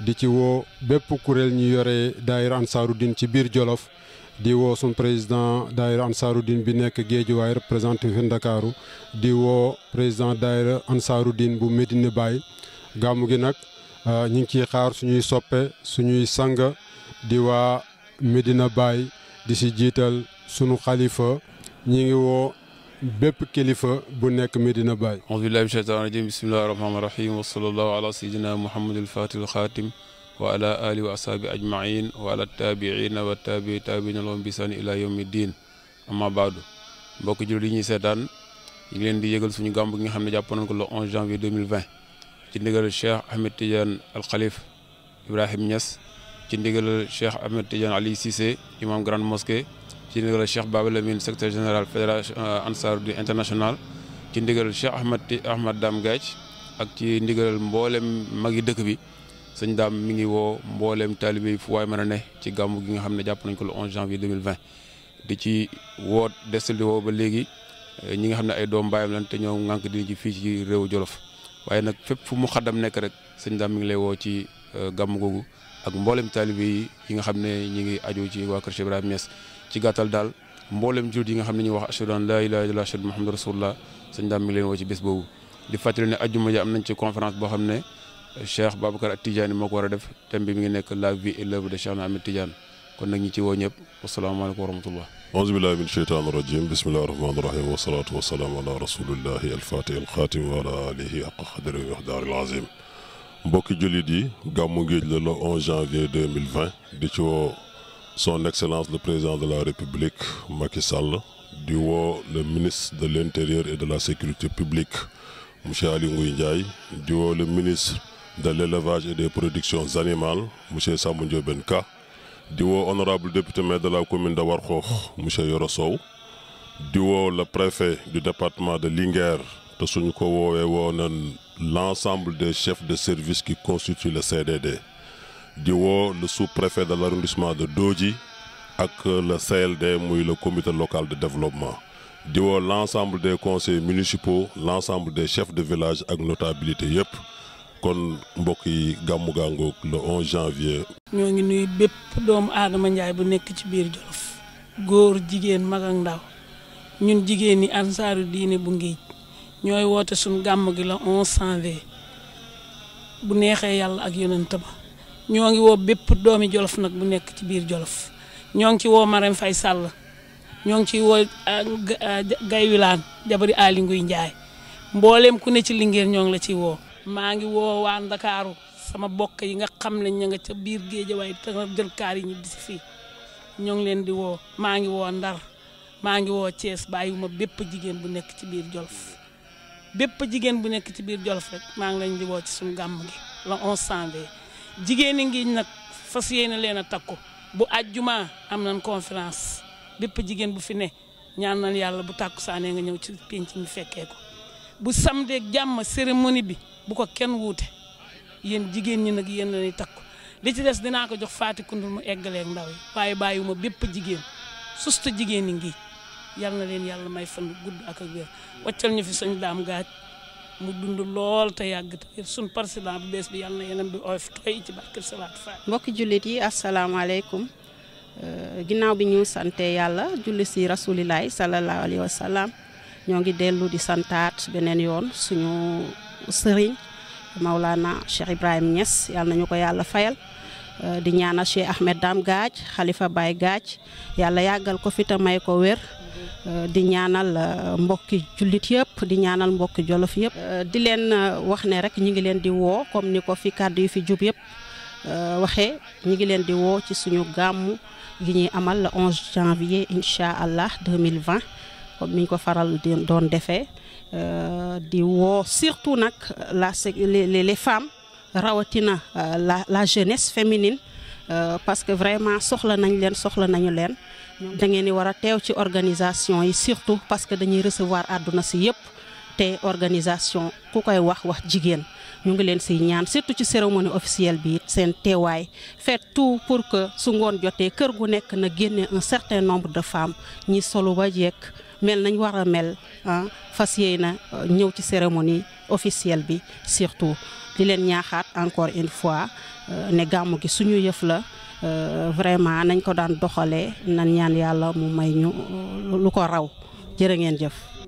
di ci woo bépp kuréel ñu yore daayira Ansaarud-Din ci biir Jolof di woo suñ président daayira Ansaarud-Din bi nekk waaye représenté fi Ndakaaru di woo président daayira Ansaarud-Din bu Medina Baye gàmmu gi nag euh, ñu ngi ciy xaar suñuy soppe suñuy sang di waa Medina Baye di si jiital sunu xalifa ñi ngi woo بيب كليفة بنك مدينة باي أعوذ بالله من الشيطان الرجيم بسم الله الرحمن الرحيم وصلى الله على سيدنا محمد الفاتح الخاتم وعلى آله وأصحابه أجمعين وعلى التابعين والتابع تابعين لهم بسان إلى يوم الدين أما بعد بك جلدي نسيتان يلين دي يغل سنو غامبو نحن نجابون نقول 11 جانفي 2020 جندقل الشيخ أحمد تيجان الخليف إبراهيم نيس جندقل الشيخ أحمد تيجان علي سيسي إمام جراند موسكي ci ndigal Cheikh Baba Lamine secrétaire général fédération euh, Ansar du international ci ndigal Cheikh Ahmad Ahmad Dame Gaaj ak ci ndigal mboolem magi dëkk bi sëñ daam mi ngi woo mboolem taalibe yi fu waay mën a ci gàmmu gi nga xam ne jàpp nañ ko le 11 janvier 2020 di ci woo desal woo ba léegi euh, ñi nga xam ne ay doom mbaayam lan te ñoo ŋànk di ci fii ci réewu Jolof waaye nag fépp fu mu xaddam nekk rek sëñ daam mi ngi lay woo ci euh, gàmmu googu ak mboolem taalibe yi yi nga xam ne ñi ngi aju ci waa Kër Cheikh Ibrahima ci gàttal daal mboolem jullit yi nga xam ne ñuy wax ashhadu an laa ilaaha illallaah ashhadu muhammadu rasulullah sëñ daam am nañ ci conférence boo xam ne Cheikh Babacar ak Tidiane moo ko war a def thème bi mi ngi nekk la vie et l'œuvre de Cheikh Ahmed Tidiane kon nag ñi ci woo ñëpp wasalaamaaleykum wa rahmatullah auzu billahi min sheytaani rajim bismillahi rahmaani rahim wasalaatu wasalaamu ala rasulillahi alfatih alxatim wa ala alihi aq qadri wa miqdaari mbokki jullit le 11 janvier 2020 dit son excellence le président de la république Macky Sall di le ministre de l'intérieur et de la sécurité publique M. Ali Ndiaye le ministre de l'élevage et des productions animales M. Samba Benka, du honorable député maire de la commune de M. monsieur du le préfet du département de Linguer, te et ko l'ensemble des chefs de service qui constituent le CDD. le sous-préfet de l'arrondissement de Doji et le CLD le comité local de développement l'ensemble des conseils municipaux l'ensemble des chefs de village ak notabilité le 11 janvier Nous ñooy woote suñ gàmm gi la 11 janvier bu neexee yàlla ak yonent ba ñoo ngi woo bépp doomi jolof nag bu nekk ci biir jolof ñoo ngi ci woo Marème Faye ñoo ngi ci woo ah, ah, Gaye jabari Aly Ngouille Ndiaye mbooleem ku ne ci Linguère ñoo ngi la ciy woo maa ngi woo waa Ndakaaru sama bokk yi nga xam ne ña nga ca biir géej waaye te jël kaar yi ñu bisi fii ñoo ngi leen di woo maa ngi woo Ndar maa ngi woo Thiès bàyyiwuma bépp jigéen bu nekk ci biir Jolof bépp jigéen bu nekk ci biir Jolof rek maa ngi leen di ci suñu gàmm gi la 11 jigéen ñi ngi nag fas yéene leen a takku bu àjjuma am nañ conférence bépp jigéen bu fi ne ñaan nañ yàlla bu takku saanee nga ñëw ci pénc mi fekkee ko bu samedi ak jàmm cérémonie bi bu ko kenn wuute yéen jigéen ñi nag yéen la ñuy takku li ci des dinaa ko jox faati kundul mu eggaleeg ndaw yi waaye bàyyiwuma bépp jigéen susta jigéen ñi ngi. yal na leen yàlla may fan gudd ak ak waccal ñu fi sëñ daam gaaj mu dund lool te yàgg te suñ président bu bees bi yal na yeneen bi oyof tooy ci barke salaat fa mbokki jullit yi asalaamaaleykum euh, ginnaaw bi ñu sante yàlla julli si rasulilaay salallaahu alayhi wa salaam ñoo ngi dellu di santaat beneen yoon suñu sëriñ Maulana Cheikh Ibrahim Niass yal na ñu ko yàlla fayal Euh, di ñaanal Cheikh Ahmed Dam Khalifa Bay gadj yalla yagal ko ko euh, di ñaanal euh, mbokki julit di ñaanal mbokki jolof yëpp di len wax ne rek ñi ngi di comme fi jub le 11 janvier inshallah 2020 comme faral doon di surtout nak les femmes rawatina euh, la la jeunesse féminine euh, parce que vraiment soxla nañ leen soxla nañu leen da ngeen di war a teew ci organisation yi surtout parce que dañuy recevoir àdduna si yëpp te organisation ku koy wax wax jigéen ñu ngi leen siy ñaan surtout ci cérémonie officielle bi seen teewaay fait tout pour que su ngoon jotee kër gu nekk na génne un certain nombre de femmes ñi solu ba jekk mel nañ war a mel ah fas yéene na euh, ñëw ci cérémonie officielle bi surtout di leen ñaaxaat encore une fois euh, ne gàmmu gi suñu yëf la euh, vraiment nañ ko daan doxalee nañ ñaan yàlla mu may ñu lu ko raw jërë ngeen jëf